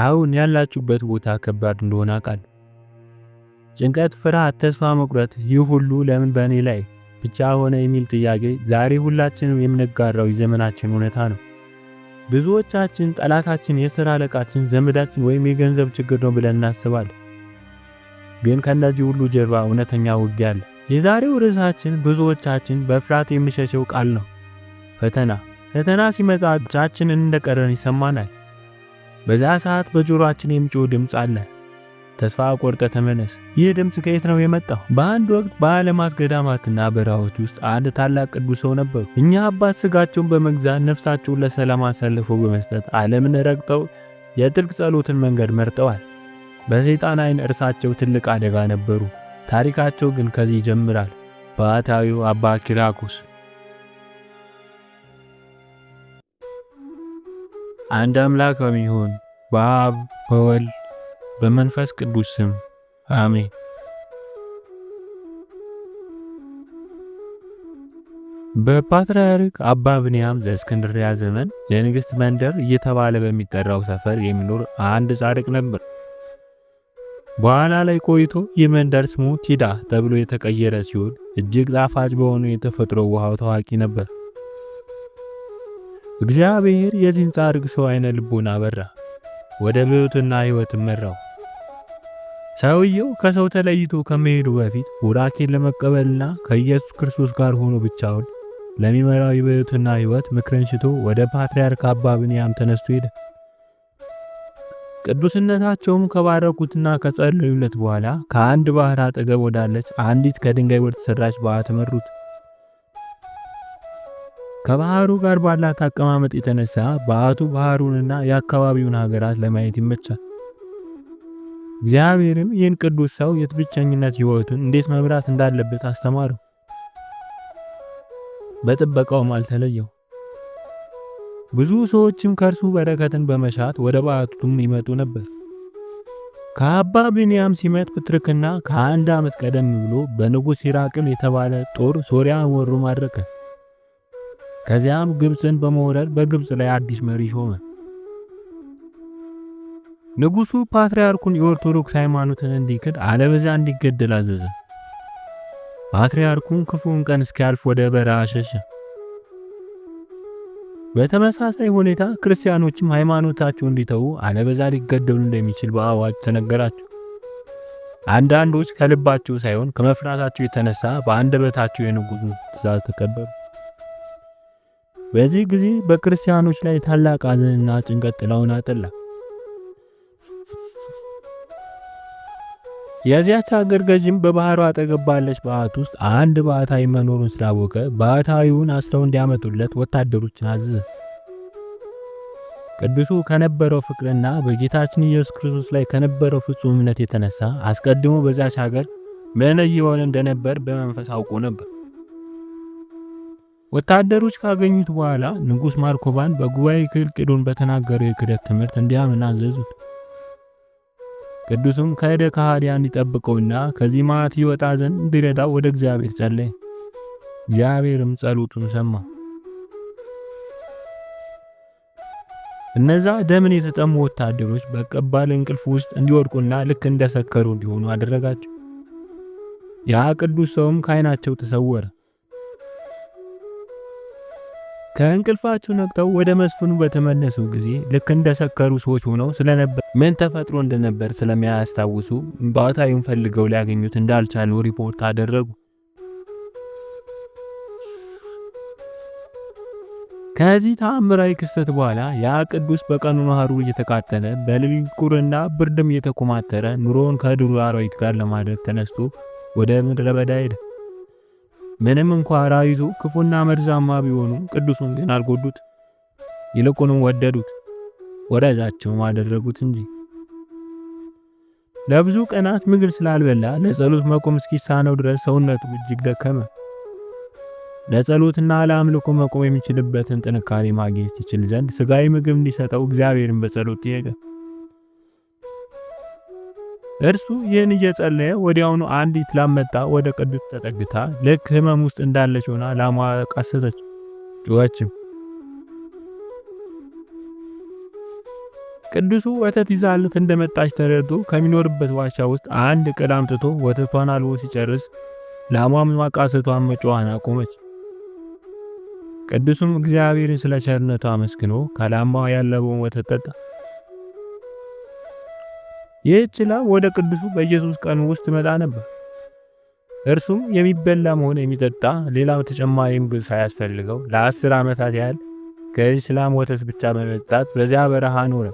አሁን ያላችሁበት ቦታ ከባድ እንደሆነ አውቃለሁ። ጭንቀት፣ ፍርሃት፣ ተስፋ መቁረጥ፣ ይህ ሁሉ ለምን በእኔ ላይ ብቻ ሆነ የሚል ጥያቄ ዛሬ ሁላችንም የምንጋራው የዘመናችን እውነታ ነው። ብዙዎቻችን ጠላታችን፣ የሥራ አለቃችን፣ ዘመዳችን ወይም የገንዘብ ችግር ነው ብለን እናስባለን። ግን ከእነዚህ ሁሉ ጀርባ እውነተኛ ውጊያ አለ። የዛሬው ርዕሳችን ብዙዎቻችን በፍርሃት የሚሸሸው ቃል ነው፣ ፈተና። ፈተና ሲመጣ ብቻችንን እንደቀረን ይሰማናል። በዛ ሰዓት በጆሮአችን የሚጮህ ድምፅ አለ። ተስፋ ቆርጠ ተመለስ። ይህ ድምፅ ከየት ነው የመጣው? በአንድ ወቅት በዓለማት ገዳማትና በረሃዎች ውስጥ አንድ ታላቅ ቅዱስ ሰው ነበሩ። እኛ አባት ስጋቸውን በመግዛት ነፍሳቸውን ለሰላም አሳልፈው በመስጠት ዓለምን ረግጠው የጥልቅ ጸሎትን መንገድ መርጠዋል። በሰይጣን ዓይን እርሳቸው ትልቅ አደጋ ነበሩ። ታሪካቸው ግን ከዚህ ይጀምራል። ባህታዊው አባ ኪራኮስ አንድ አምላክ በሚሆን በአብ በወልድ በመንፈስ ቅዱስ ስም አሜን። በፓትርያርክ አባ ብንያም ዘእስክንድርያ ዘመን የንግሥት መንደር እየተባለ በሚጠራው ሰፈር የሚኖር አንድ ጻድቅ ነበር። በኋላ ላይ ቆይቶ የመንደር ስሙ ቲዳ ተብሎ የተቀየረ ሲሆን እጅግ ጣፋጭ በሆኑ የተፈጥሮ ውሃው ታዋቂ ነበር። እግዚአብሔር የዚህን ጻድቅ ሰው አይነ ልቦና አበራ፣ ወደ ብሕትና ሕይወት መራው። ሰውየው ከሰው ተለይቶ ከመሄዱ በፊት ቡራኬን ለመቀበልና ከኢየሱስ ክርስቶስ ጋር ሆኖ ብቻውን ለሚመራው የብሕትና ሕይወት ምክርን ሽቶ ወደ ፓትርያርክ አባ ብንያም ተነስቶ ሄደ። ቅዱስነታቸውም ከባረኩትና ከጸለዩለት በኋላ ከአንድ ባህር አጠገብ ወዳለች አንዲት ከድንጋይ ወደ ተሰራች በዓት ተመሩት። ከባህሩ ጋር ባላት አቀማመጥ የተነሳ በዓቱ ባህሩንና የአካባቢውን ሀገራት ለማየት ይመቻል። እግዚአብሔርም ይህን ቅዱስ ሰው የብቸኝነት ሕይወቱን እንዴት መምራት እንዳለበት አስተማረው። በጥበቃውም አልተለየው። ብዙ ሰዎችም ከእርሱ በረከትን በመሻት ወደ በዓቱም ይመጡ ነበር። ከአባ ብንያም ሲመጥ ፕትርክና ከአንድ ዓመት ቀደም ብሎ በንጉሥ ሂራቅል የተባለ ጦር ሶርያን ወሮ ማድረከ ከዚያም ግብፅን በመውረድ በግብፅ ላይ አዲስ መሪ ሾመ። ንጉሱ ፓትርያርኩን የኦርቶዶክስ ሃይማኖትን እንዲክድ አለበዚያ እንዲገደል አዘዘ። ፓትርያርኩም ክፉውን ቀን እስኪያልፍ ወደ በረሃ ሸሸ። በተመሳሳይ ሁኔታ ክርስቲያኖችም ሃይማኖታቸው እንዲተዉ አለበዛ ሊገደሉ እንደሚችል በአዋጅ ተነገራቸው። አንዳንዶች ከልባቸው ሳይሆን ከመፍራታቸው የተነሳ በአንደበታቸው የንጉሱ ትእዛዝ ተቀበሉ። በዚህ ጊዜ በክርስቲያኖች ላይ ታላቅ ሐዘንና ጭንቀት ጥላውን አጠላ። የዚያች ሀገር ገዥም በባህሩ አጠገብ ባለች በዓት ውስጥ አንድ ባሕታዊ መኖሩን ስላወቀ ባሕታዊውን አስረው እንዲያመጡለት ወታደሮችን አዘዘ። ቅዱሱ ከነበረው ፍቅርና በጌታችን ኢየሱስ ክርስቶስ ላይ ከነበረው ፍጹምነት የተነሳ አስቀድሞ በዚያች ሀገር መነይ ይሆን እንደነበር በመንፈስ አውቆ ነበር። ወታደሮች ካገኙት በኋላ ንጉስ ማርኮባን በጉባኤ ክልቅዶን በተናገረው የክደት ትምህርት እንዲያምን አዘዙት። ቅዱስም ከሄደ ከሃዲያን ይጠብቀውና ከዚህ ማት ይወጣ ዘንድ እንዲረዳው ወደ እግዚአብሔር ጸለየ። እግዚአብሔርም ጸሎቱን ሰማ። እነዛ ደምን የተጠሙ ወታደሮች በቀባል እንቅልፍ ውስጥ እንዲወድቁና ልክ እንደሰከሩ እንዲሆኑ አደረጋቸው። ያ ቅዱስ ሰውም ከዓይናቸው ተሰወረ። ከእንቅልፋቸው ነቅተው ወደ መስፍኑ በተመለሱ ጊዜ ልክ እንደሰከሩ ሰዎች ሆነው ስለነበር ምን ተፈጥሮ እንደነበር ስለሚያስታውሱ ባታዩን ፈልገው ሊያገኙት እንዳልቻሉ ሪፖርት አደረጉ። ከዚህ ተአምራዊ ክስተት በኋላ ያ ቅዱስ በቀኑ ሀሩ እየተቃጠለ በሌሊት ቁርና ብርድም እየተኮማተረ ኑሮውን ከዱር አራዊት ጋር ለማድረግ ተነስቶ ወደ ምድረ በዳ ሄደ። ምንም እንኳ አራዊቱ ክፉና መርዛማ ቢሆኑ ቅዱሱን ግን አልጎዱት፣ ይልቁንም ወደዱት፣ ወዳጃቸውም አደረጉት እንጂ። ለብዙ ቀናት ምግብ ስላልበላ ለጸሎት መቆም እስኪሳነው ድረስ ሰውነቱ እጅግ ደከመ። ለጸሎትና ለአምልኮ መቆም የሚችልበትን ጥንካሬ ማግኘት ይችል ዘንድ ስጋዊ ምግብ እንዲሰጠው እግዚአብሔርን በጸሎት ጠየቀ። እርሱ ይህን እየጸለየ ወዲያውኑ አንዲት ላም መጣ። ወደ ቅዱስ ተጠግታ ልክ ህመም ውስጥ እንዳለች ሆና ላሟ ቀሰተች፣ ጩኸችም። ቅዱሱ ወተት ይዛልፍ እንደመጣች ተረድቶ ከሚኖርበት ዋሻ ውስጥ አንድ ቅል አምጥቶ ወተቷን አልቦ ሲጨርስ ላሟም ማቃሰቷን መጮዋን አቆመች። ቅዱሱም እግዚአብሔርን ስለ ቸርነቱ አመስግኖ ከላማዋ ያለበውን ወተት ጠጣ። ይህች ላም ወደ ቅዱሱ በኢየሱስ ቀን ውስጥ መጣ ነበር። እርሱም የሚበላም ሆነ የሚጠጣ ሌላ ተጨማሪ ምግብ ሳያስፈልገው ለአስር ዓመታት ያህል ከዚህች ላም ወተት ብቻ በመጠጣት በዚያ በረሃ ኖረ።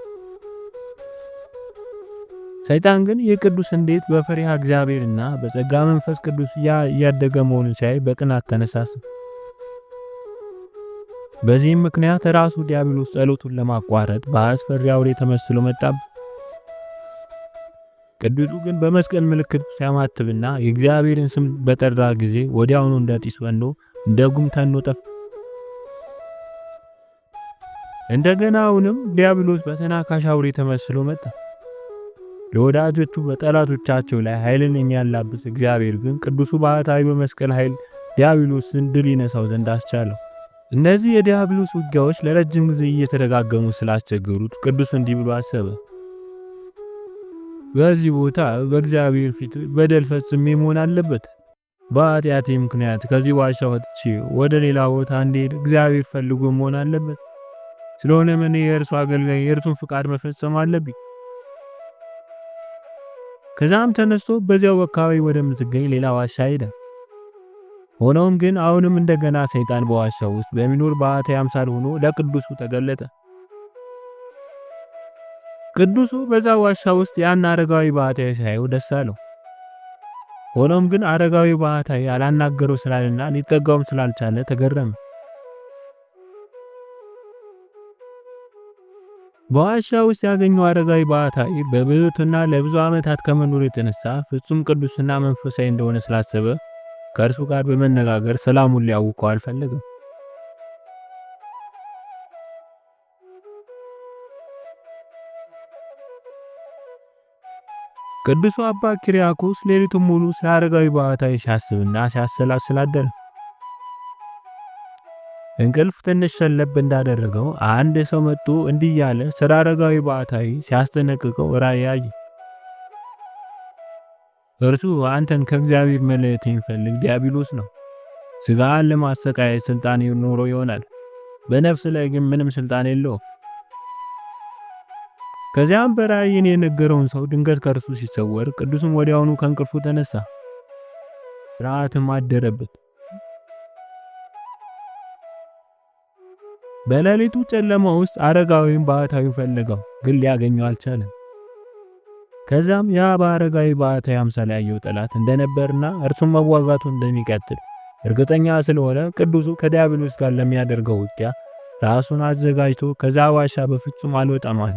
ሰይጣን ግን ይህ ቅዱስ እንዴት በፈሪሃ እግዚአብሔርና በጸጋ መንፈስ ቅዱስ እያደገ መሆኑን ሲያይ በቅናት ተነሳሰ። በዚህም ምክንያት ራሱ ዲያብሎስ ጸሎቱን ለማቋረጥ በአስፈሪ አውሬ ተመስሎ መጣበት። ቅዱሱ ግን በመስቀል ምልክት ሲያማትብና የእግዚአብሔርን ስም በጠራ ጊዜ ወዲያውኑ እንደ ጢስ በኖ እንደ ጉም ተኖ ጠፍ እንደገና አሁንም ዲያብሎስ በተናካሽ አውሬ ተመስሎ መጣ። ለወዳጆቹ በጠላቶቻቸው ላይ ኃይልን የሚያላብስ እግዚአብሔር ግን ቅዱሱ ባህታዊ በመስቀል ኃይል ዲያብሎስን ድል ይነሳው ዘንድ አስቻለው። እነዚህ የዲያብሎስ ውጊያዎች ለረጅም ጊዜ እየተደጋገሙ ስላስቸገሩት ቅዱስ እንዲህ ብሎ አሰበ። በዚህ ቦታ በእግዚአብሔር ፊት በደል ፈጽሜ መሆን አለበት። በኃጢአቴ ምክንያት ከዚህ ዋሻ ወጥቼ ወደ ሌላ ቦታ እንድሄድ እግዚአብሔር ፈልጎ መሆን አለበት። ስለሆነ እኔ የእርሱ አገልጋይ የእርሱን ፍቃድ መፈጸም አለብኝ። ከዛም ተነስቶ በዚያው አካባቢ ወደምትገኝ ሌላ ዋሻ ሄደ። ሆኖም ግን አሁንም እንደገና ሰይጣን በዋሻው ውስጥ በሚኖር ባህታዊ አምሳል ሆኖ ለቅዱሱ ተገለጠ። ቅዱሱ በዛ ዋሻ ውስጥ ያን አረጋዊ ባህታዊ ሲያየው ደስ አለው። ሆኖም ግን አረጋዊ ባህታዊ አላናገረው ስላልና ሊጠጋውም ስላልቻለ ተገረመ። በዋሻ ውስጥ ያገኘው አረጋዊ ባህታዊ በብዙትና ለብዙ ዓመታት ከመኖሩ የተነሳ ፍጹም ቅዱስና መንፈሳዊ እንደሆነ ስላሰበ ከእርሱ ጋር በመነጋገር ሰላሙን ሊያውቀው አልፈለገም። ቅዱሱ አባ ኪሪያኮስ ሌሊቱን ሙሉ ስለ አረጋዊ ባህታዊ ሲያስብና ሲያሰላስል አደረ። እንቅልፍ ትንሽ ሰለብ እንዳደረገው አንድ ሰው መጥቶ እንዲህ ያለ ስለ አረጋዊ ባህታዊ ሲያስጠነቅቀው ራእይ አየ። እርሱ አንተን ከእግዚአብሔር መለየት የሚፈልግ ዲያብሎስ ነው። ስጋን ለማሰቃየት ስልጣን ኖሮ ይሆናል፣ በነፍስ ላይ ግን ምንም ስልጣን የለውም። ከዚያም በራእይን የነገረውን ሰው ድንገት ከእርሱ ሲሰወር ቅዱስም ወዲያውኑ ከእንቅልፉ ተነሳ፣ ፍርሃትም አደረበት። በሌሊቱ ጨለማ ውስጥ አረጋዊን ባህታዊ ፈለገው፣ ግን ሊያገኘው አልቻለም። ከዚያም ያ በአረጋዊ ባህታዊ አምሳል ያየው ጠላት እንደነበርና እርሱም መዋጋቱ እንደሚቀጥል እርግጠኛ ስለሆነ ቅዱሱ ከዲያብሎስ ጋር ለሚያደርገው ውጊያ ራሱን አዘጋጅቶ ከዛ ዋሻ በፍጹም አልወጣም አለ።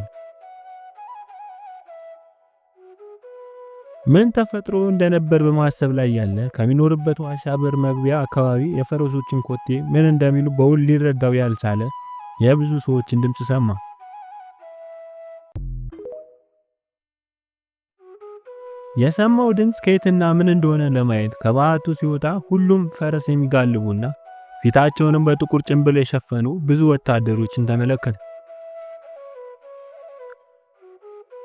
ምን ተፈጥሮ እንደነበር በማሰብ ላይ ያለ ከሚኖርበት ዋሻ በር መግቢያ አካባቢ የፈረሶችን ኮቴ ምን እንደሚሉ በውል ሊረዳው ያልቻለ የብዙ ሰዎችን ድምፅ ሰማ። የሰማው ድምፅ ከየትና ምን እንደሆነ ለማየት ከባቱ ሲወጣ ሁሉም ፈረስ የሚጋልቡና ፊታቸውንም በጥቁር ጭንብል የሸፈኑ ብዙ ወታደሮችን ተመለከተ።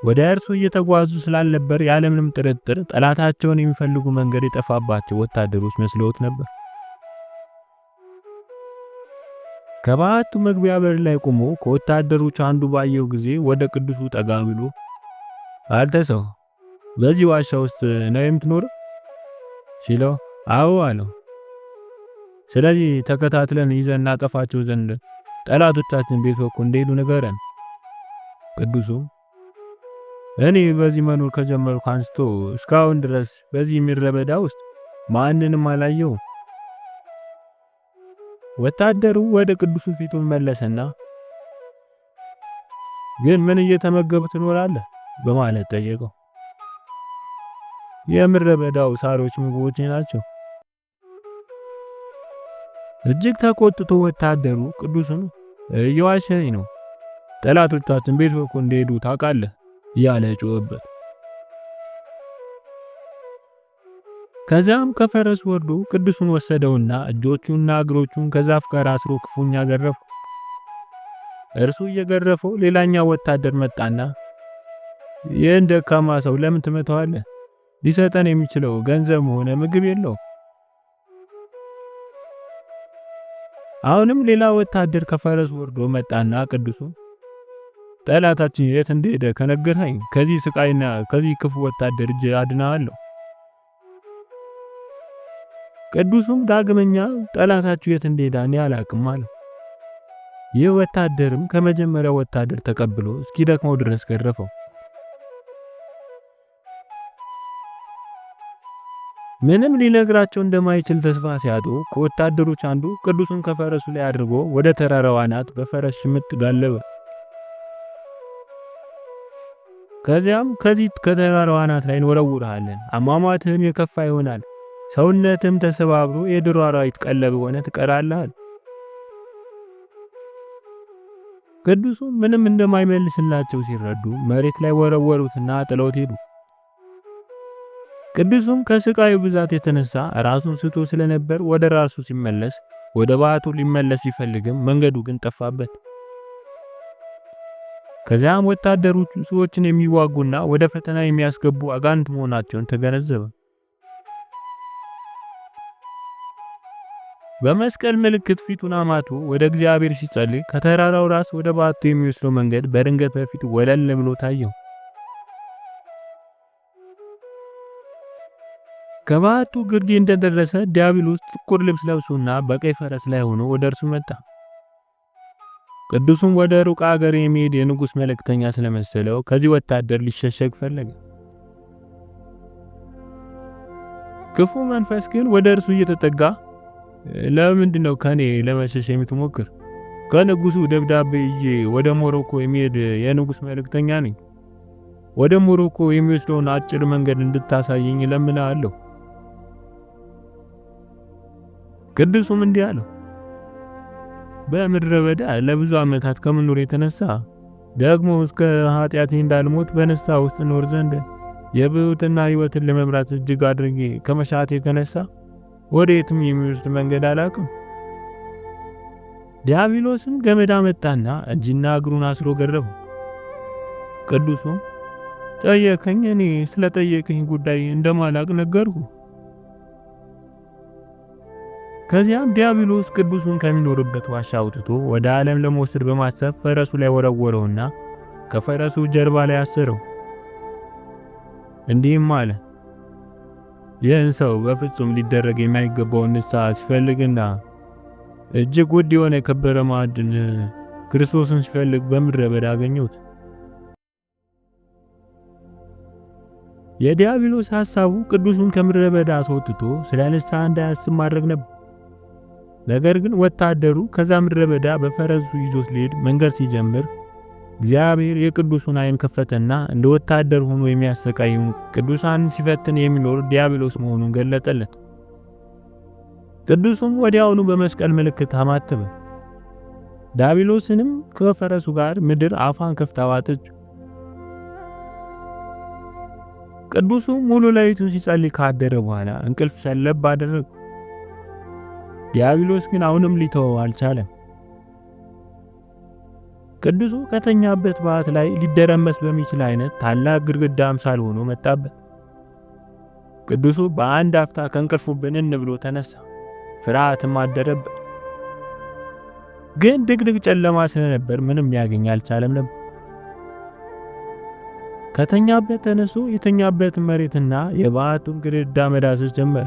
ወደ እርሱ እየተጓዙ ስላልነበር ያለምንም ጥርጥር ጠላታቸውን የሚፈልጉ መንገድ የጠፋባቸው ወታደሮች መስለውት ነበር። ከበዓቱ መግቢያ በር ላይ ቆሞ ከወታደሮቹ አንዱ ባየው ጊዜ ወደ ቅዱሱ ጠጋ ብሎ አንተ ሰው በዚህ ዋሻ ውስጥ ነው የምትኖር? ሲለው አዎ አለው። ስለዚህ ተከታትለን ይዘን እናጠፋቸው ዘንድ ጠላቶቻችን ቤት በኩል እንደሄዱ ንገረን። ቅዱሱም እኔ በዚህ መኖር ከጀመርኩ አንስቶ እስካሁን ድረስ በዚህ ምድረ በዳ ውስጥ ማንንም አላየው። ወታደሩ ወደ ቅዱሱ ፊቱን መለሰና ግን ምን እየተመገብ ትኖራለህ በማለት ጠየቀው። የምድረ በዳው ሳሮች ምግቦች ናቸው። እጅግ ተቆጥቶ ወታደሩ ቅዱሱን እየዋሸኝ ነው፣ ጠላቶቻችን ቤት በኩል እንደሄዱ ታውቃለህ ያለ ጮኸበት። ከዚያም ከፈረስ ወርዶ ቅዱሱን ወሰደውና እጆቹና እግሮቹን ከዛፍ ጋር አስሮ ክፉኛ ገረፈው። እርሱ እየገረፈው ሌላኛው ወታደር መጣና ይህን ደካማ ሰው ለምን ትመታዋለህ? ሊሰጠን የሚችለው ገንዘብ ሆነ ምግብ የለው። አሁንም ሌላ ወታደር ከፈረስ ወርዶ መጣና ቅዱሱን ጠላታችን የት እንደሄደ ከነገርኸኝ ከዚህ ስቃይና ከዚህ ክፉ ወታደር እጅ አድናለሁ። ቅዱሱም ዳግመኛ ጠላታችሁ የት እንደሄደ እኔ አላቅም አለ። ይህ ወታደርም ከመጀመሪያው ወታደር ተቀብሎ እስኪደክመው ድረስ ገረፈው። ምንም ሊነግራቸው እንደማይችል ተስፋ ሲያጡ ከወታደሮች አንዱ ቅዱሱን ከፈረሱ ላይ አድርጎ ወደ ተራራው አናት በፈረስ ሽምጥ ጋለበ። ከዚያም ከዚህ ከተራራው አናት ላይ እንወረውርሃለን። አሟሟትህም የከፋ ይሆናል። ሰውነትም ተሰባብሮ የዱር አራዊት ቀለብ ሆነ ትቀራለህ። ቅዱሱ ምንም እንደማይመልስላቸው ሲረዱ መሬት ላይ ወረወሩትና ጥለውት ሄዱ። ቅዱሱም ከስቃዩ ብዛት የተነሳ ራሱን ስቶ ስለነበር ወደ ራሱ ሲመለስ ወደ ባቱ ሊመለስ ቢፈልግም መንገዱ ግን ጠፋበት። ከዚያም ወታደሮቹ ሰዎችን የሚዋጉና ወደ ፈተና የሚያስገቡ አጋንንት መሆናቸውን ተገነዘበ። በመስቀል ምልክት ፊቱን አማቶ ወደ እግዚአብሔር ሲጸልይ ከተራራው ራስ ወደ ባቱ የሚወስደው መንገድ በድንገት በፊቱ ወለል ብሎ ታየው። ከባቱ ግርጌ እንደደረሰ ዲያብሎስ ጥቁር ልብስ ለብሶና በቀይ ፈረስ ላይ ሆኖ ወደ እርሱ መጣ። ቅዱሱም ወደ ሩቅ አገር የሚሄድ የንጉሥ መልእክተኛ ስለመሰለው ከዚህ ወታደር ሊሸሸግ ፈለገ። ክፉ መንፈስ ግን ወደ እርሱ እየተጠጋ ለምንድን ነው ከኔ ለመሸሽ የምትሞክር? ከንጉሱ ደብዳቤ ይዤ ወደ ሞሮኮ የሚሄድ የንጉሥ መልእክተኛ ነኝ። ወደ ሞሮኮ የሚወስደውን አጭር መንገድ እንድታሳየኝ እለምንሃለሁ። ቅዱሱም እንዲህ አለው፣ በምድረ በዳ ለብዙ ዓመታት ከመኖር የተነሳ ደግሞ እስከ ኃጢአቴ እንዳልሞት በንሳ ውስጥ ኖር ዘንድ የብሕትና ሕይወትን ለመምራት እጅግ አድርጌ ከመሻት የተነሳ ወደ የትም የሚወስድ መንገድ አላቅም። ዲያብሎስም ገመድ አመጣና እጅና እግሩን አስሮ ገረፉ። ቅዱሱም ጠየከኝ፣ እኔ ስለጠየከኝ ጉዳይ እንደማላቅ ነገርሁ። ከዚያም ዲያብሎስ ቅዱሱን ከሚኖርበት ዋሻ አውጥቶ ወደ ዓለም ለመውሰድ በማሰብ ፈረሱ ላይ ወረወረውና ከፈረሱ ጀርባ ላይ አሰረው። እንዲህም አለ፣ ይህን ሰው በፍጹም ሊደረግ የማይገባውን ንስሐ ሲፈልግና እጅግ ውድ የሆነ የከበረ ማዕድን ክርስቶስን ሲፈልግ በምድረ በዳ አገኙት። የዲያብሎስ ሐሳቡ ቅዱሱን ከምድረ በዳ አስወጥቶ ስለ ንስሐ እንዳያስብ ማድረግ ነበር። ነገር ግን ወታደሩ ከዛ ምድረ በዳ በፈረሱ ይዞት ሊሄድ መንገድ ሲጀምር እግዚአብሔር የቅዱሱን ዓይን ከፈተና እንደ ወታደር ሆኖ የሚያሰቃይ ቅዱሳን ሲፈትን የሚኖር ዲያብሎስ መሆኑን ገለጠለት። ቅዱሱም ወዲያውኑ በመስቀል ምልክት አማተበ። ዲያብሎስንም ከፈረሱ ጋር ምድር አፏን ከፍታ ዋጠች። ቅዱሱ ሙሉ ሌሊቱን ሲጸልይ ካደረ በኋላ እንቅልፍ ሰለብ አደረገ። ዲያብሎስ ግን አሁንም ሊተወው አልቻለም። ቅዱሱ ከተኛበት ባት ላይ ሊደረመስ በሚችል አይነት ታላቅ ግድግዳ አምሳል ሆኖ መጣበት። ቅዱሱ በአንድ አፍታ ከእንቅልፉ ብንን ብሎ ተነሳ። ፍርሃትም አደረበት። ግን ድቅድቅ ጨለማ ስለነበር ምንም ሊያገኝ አልቻለም ነበር። ከተኛበት ተነሱ የተኛበት መሬትና የበዓቱን ግድግዳ መዳሰስ ጀመረ።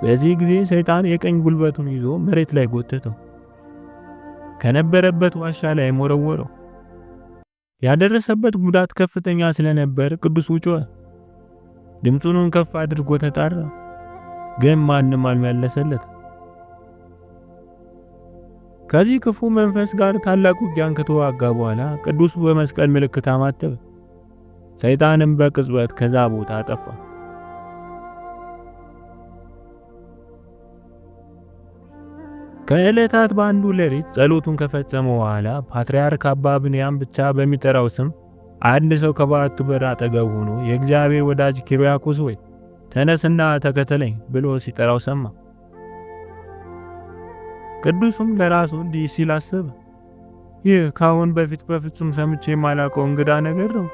በዚህ ጊዜ ሰይጣን የቀኝ ጉልበቱን ይዞ መሬት ላይ ጎተተው፣ ከነበረበት ዋሻ ላይ ሞረወረው። ያደረሰበት ጉዳት ከፍተኛ ስለነበር ቅዱስ ጮኸ። ድምፁን ከፍ አድርጎ ተጣራ፣ ግን ማንም አልመለሰለት። ከዚህ ክፉ መንፈስ ጋር ታላቅ ውጊያን ከተዋጋ በኋላ ቅዱሱ በመስቀል ምልክት አማተበ። ሰይጣንም በቅጽበት ከዛ ቦታ ጠፋ። ከዕለታት በአንዱ ሌሊት ጸሎቱን ከፈጸመ በኋላ ፓትርያርክ አባ ብንያም ብቻ በሚጠራው ስም አንድ ሰው ከበዓቱ በር አጠገብ ሆኖ የእግዚአብሔር ወዳጅ ኪሪያኮስ ወይ ተነስና ተከተለኝ ብሎ ሲጠራው ሰማ። ቅዱሱም ለራሱ እንዲህ ሲል አሰበ፣ ይህ ካሁን በፊት በፍጹም ሰምቼ የማላውቀው እንግዳ ነገር ነው።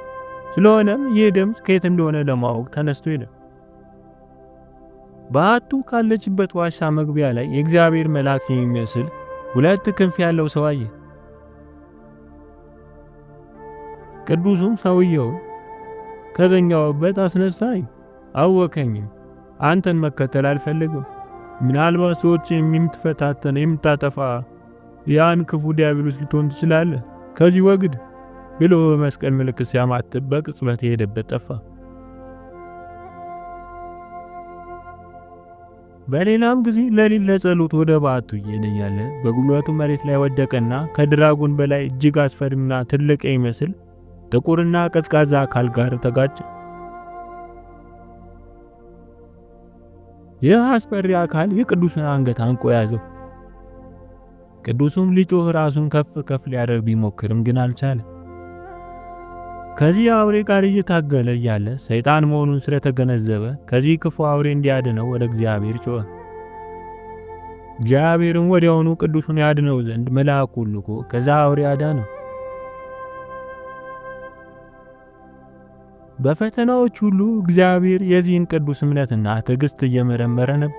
ስለሆነም ይህ ድምፅ ከየት እንደሆነ ለማወቅ ተነስቶ ሄደ። በአቱ ካለችበት ዋሻ መግቢያ ላይ የእግዚአብሔር መልአክ የሚመስል ሁለት ክንፍ ያለው ሰው አየ። ቅዱሱም ሰውየውን ከተኛውበት አስነሳኝ፣ አወከኝም፣ አንተን መከተል አልፈልግም። ምናልባት ሰዎች የምትፈታተን የምታጠፋ ያን ክፉ ዲያብሎስ ልትሆን ትችላለህ፣ ከዚህ ወግድ ብሎ በመስቀል ምልክት ሲያማትብ በቅጽበት የሄደበት ጠፋ። በሌላም ጊዜ ለሊት ለጸሎት ወደ ባቱ እየሄደ እያለ በጉልበቱ መሬት ላይ ወደቀና ከድራጎን በላይ እጅግ አስፈሪና ትልቅ የሚመስል ጥቁርና ቀዝቃዛ አካል ጋር ተጋጨ። ይህ አስፈሪ አካል የቅዱስን አንገት አንቆ ያዘው። ቅዱሱም ሊጮህ ራሱን ከፍ ከፍ ሊያደርግ ቢሞክርም ግን አልቻለም። ከዚህ አውሬ ጋር እየታገለ እያለ ሰይጣን መሆኑን ስለተገነዘበ ከዚህ ክፉ አውሬ እንዲያድነው ወደ እግዚአብሔር ጮኸ። እግዚአብሔርም ወዲያውኑ ቅዱሱን ያድነው ዘንድ መልአኩን ልኮ ከዛ አውሬ አዳነው። በፈተናዎች ሁሉ እግዚአብሔር የዚህን ቅዱስ እምነትና ትዕግስት እየመረመረ ነበር።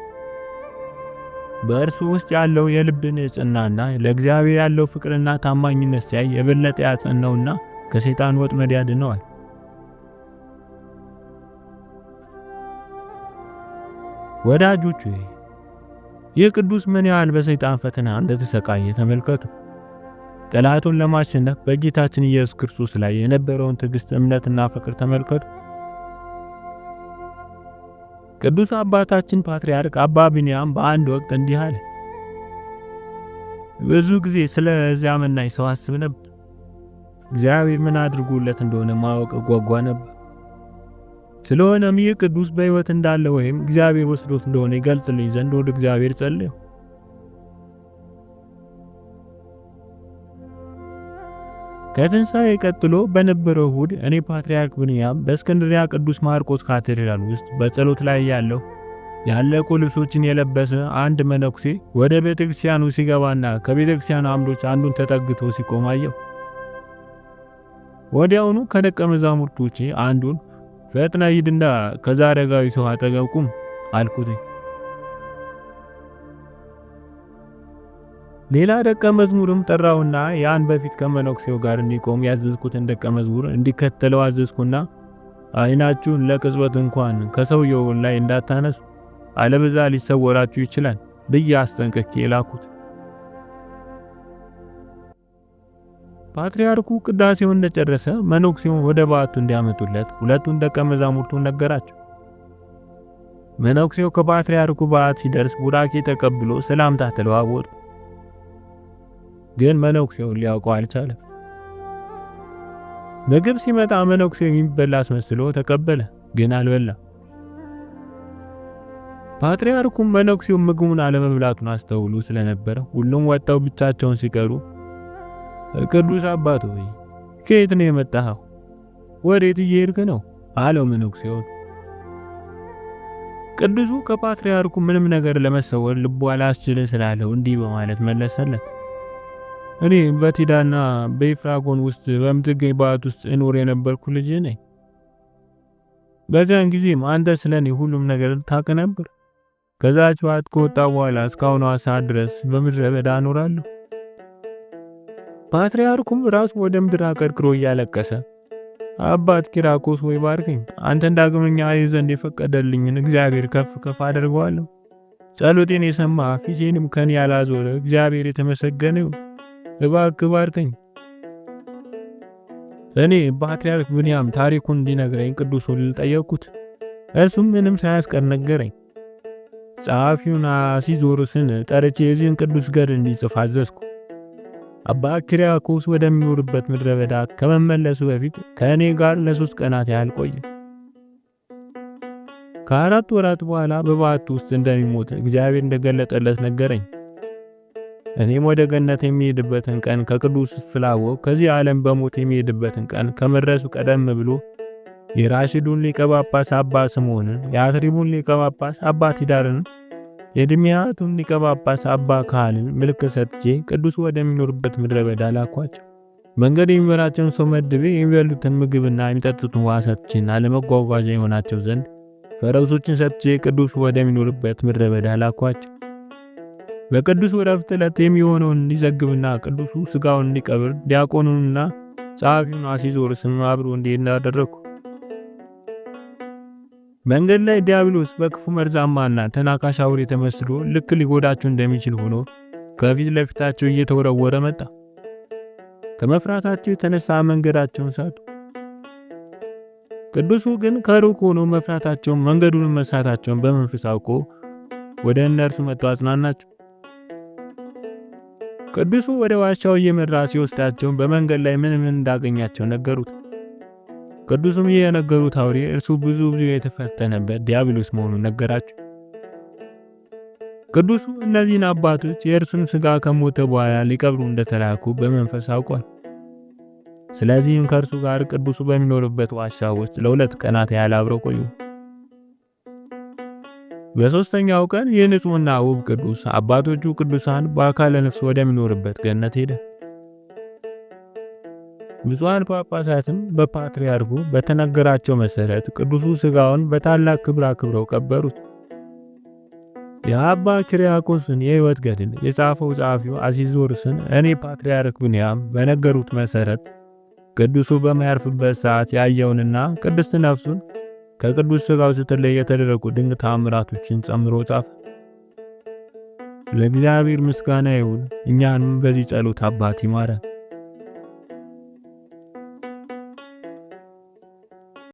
በእርሱ ውስጥ ያለው የልብ ንጽሕናና ለእግዚአብሔር ያለው ፍቅርና ታማኝነት ሲያይ የበለጠ ያጸናውና ከሰይጣን ወጥመድ ያድነዋል። ወዳጆቹ ይህ ቅዱስ ምን ያህል በሰይጣን ፈተና እንደተሰቃየ ተመልከቱ። ጠላቱን ለማሸነፍ በጌታችን ኢየሱስ ክርስቶስ ላይ የነበረውን ትዕግስት፣ እምነትና ፍቅር ተመልከቱ። ቅዱስ አባታችን ፓትርያርክ አባ ቢንያም በአንድ ወቅት እንዲህ አለ። ብዙ ጊዜ ስለዚያ መናኝ ሰው አስብ ነበር እግዚአብሔር ምን አድርጎለት እንደሆነ ማወቅ እጓጓ ነበር። ስለሆነም ይህ ቅዱስ በሕይወት እንዳለ ወይም እግዚአብሔር ወስዶት እንደሆነ ይገልጽልኝ ዘንድ ወደ እግዚአብሔር ጸልዩ። ከትንሣኤ ቀጥሎ በነበረው እሁድ እኔ ፓትርያርክ ብንያም በእስክንድሪያ ቅዱስ ማርቆስ ካቴድራል ውስጥ በጸሎት ላይ ያለው ያለቁ ልብሶችን የለበሰ አንድ መነኩሴ ወደ ቤተክርስቲያኑ ሲገባና ከቤተክርስቲያኑ አምዶች አንዱን ተጠግቶ ሲቆም አየሁ። ወዲያውኑ ከደቀ መዛሙርቶቼ አንዱን ፈጥነ ሂድና ከዛ አረጋዊ ሰው አጠገብ ቁም አልኩትኝ። ሌላ ደቀ መዝሙርም ጠራውና ያን በፊት ከመነኩሴው ጋር እንዲቆም ያዘዝኩትን ደቀ መዝሙር እንዲከተለው አዘዝኩና ዓይናችሁን ለቅጽበት እንኳን ከሰውየው ላይ እንዳታነሱ አለበዛ ሊሰወራችሁ ይችላል ብዬ አስጠንቅቄ ላኩት። ፓትርያርኩ ቅዳሴውን እንደጨረሰ መነኩሴውን ወደ በዓቱ እንዲያመጡለት ሁለቱን ደቀ መዛሙርቱን ነገራቸው። መነኩሴው ከፓትርያርኩ በዓት ሲደርስ ቡራኬ ተቀብሎ ሰላምታ ተለዋወጡ። ግን መነኩሴውን ሊያውቀው አልቻለም። ምግብ ሲመጣ መነኩሴው የሚበላ አስመስሎ ተቀበለ፣ ግን አልበላም። ፓትርያርኩም መነኩሴው ምግቡን አለመብላቱን አስተውሉ ስለነበረ ሁሉም ወጥተው ብቻቸውን ሲቀሩ ቅዱስ አባት ሆይ ከየት ነው የመጣኸው? ወዴት እየሄድክ ነው? አለው መነኩሴው። ቅዱሱ ከፓትርያርኩ ምንም ነገር ለመሰወር ልቡ አላስችል ስላለው እንዲህ በማለት መለሰለት። እኔ በቲዳና በኢፍራጎን ውስጥ በምትገኝ ባት ውስጥ እኖር የነበርኩ ልጅ ነኝ። በዚያን ጊዜም አንተ ስለኔ ሁሉም ነገር ታቀነብር ነበር። ከዛች በዓት ከወጣ በኋላ እስካሁኗ ሰዓት ድረስ በምድረ በዳ እኖራለሁ። ፓትርያርኩም ራሱ ወደ ምድር አቀርቅሮ እያለቀሰ አባት ኪራኮስ ወይ ባርከኝ፣ አንተን ዳግመኛ አይ ዘንድ የፈቀደልኝን እግዚአብሔር ከፍ ከፍ አደርገዋለሁ። ጸሎቴን የሰማ ፊቴንም ከኔ ያላዞረ እግዚአብሔር የተመሰገነ እባክህ ባርከኝ። እኔ ፓትርያርክ ብንያም ታሪኩን እንዲነግረኝ ቅዱሱን ልጠየቅኩት፣ እርሱም ምንም ሳያስቀር ነገረኝ። ጸሐፊውን አሲዞሮስን ጠርቼ የዚህን ቅዱስ ገድል እንዲጽፍ አዘዝኩ። አባ ኪርያቆስ ወደሚኖርበት ምድረ በዳ ከመመለሱ በፊት ከእኔ ጋር ለሶስት ቀናት ያህል ቆየ። ከአራት ወራት በኋላ በባቱ ውስጥ እንደሚሞት እግዚአብሔር እንደገለጠለት ነገረኝ። እኔም ወደ ገነት የሚሄድበትን ቀን ከቅዱስ ስፍላዎ ከዚህ ዓለም በሞት የሚሄድበትን ቀን ከመድረሱ ቀደም ብሎ የራሽዱን ሊቀ ጳጳስ አባ ስምዖንን፣ የአትሪቡን ሊቀ ጳጳስ አባ ቲዳርን የድሚያቱን ሊቀ ጳጳስ አባ ካህልን ምልክት ሰጥቼ ቅዱሱ ወደሚኖርበት ምድረ በዳ ላኳቸው። መንገድ የሚበላቸውን ሰው መድቤ የሚበሉትን ምግብና የሚጠጡትን ውሃ ሰጥቼና ለመጓጓዣ የሆናቸው ዘንድ ፈረሶችን ሰጥቼ ቅዱሱ ወደሚኖርበት ምድረ በዳ ላኳቸው። በቅዱስ ዕረፍት ዕለት የሚሆነውን እንዲዘግብና ቅዱሱ ስጋውን እንዲቀብር ዲያቆኑንና ጸሐፊውን አሲዞርስም አብሮ እንዲሄድ አደረግኩ። መንገድ ላይ ዲያብሎስ በክፉ መርዛማና ተናካሽ አውሬ ተመስሎ ልክ ሊጎዳቸው እንደሚችል ሆኖ ከፊት ለፊታቸው እየተወረወረ መጣ። ከመፍራታቸው የተነሳ መንገዳቸውን ሳቱ። ቅዱሱ ግን ከሩቅ ሆኖ መፍራታቸውን መንገዱን መሳታቸውን በመንፈስ አውቆ ወደ እነርሱ መጥቶ አጽናናቸው። ቅዱሱ ወደ ዋሻው እየመራ ሲወስዳቸውን በመንገድ ላይ ምን ምን እንዳገኛቸው ነገሩት። ቅዱስም ይህ የነገሩት አውሬ እርሱ ብዙ ብዙ የተፈተነበት ዲያብሎስ መሆኑን ነገራቸው። ቅዱሱ እነዚህን አባቶች የእርሱን ስጋ ከሞተ በኋላ ሊቀብሩ እንደተላኩ በመንፈስ አውቋል። ስለዚህም ከእርሱ ጋር ቅዱሱ በሚኖርበት ዋሻ ውስጥ ለሁለት ቀናት ያህል አብረው ቆዩ። በሦስተኛው ቀን ይህ ንጹሕና ውብ ቅዱስ አባቶቹ ቅዱሳን በአካለ ነፍስ ወደሚኖርበት ገነት ሄደ። ብፁዓን ጳጳሳትም በፓትርያርኩ በተነገራቸው መሠረት ቅዱሱ ሥጋውን በታላቅ ክብር አክብረው ቀበሩት። የአባ ኪርያቆስን የሕይወት ገድል የጻፈው ጸሐፊው አሲዞርስን እኔ ፓትርያርክ ብንያም በነገሩት መሠረት ቅዱሱ በማያርፍበት ሰዓት ያየውንና ቅድስት ነፍሱን ከቅዱስ ሥጋው ስትለይ የተደረጉ ድንቅ ታምራቶችን ጨምሮ ጻፈ። ለእግዚአብሔር ምስጋና ይሁን። እኛንም በዚህ ጸሎት አባት ይማረን።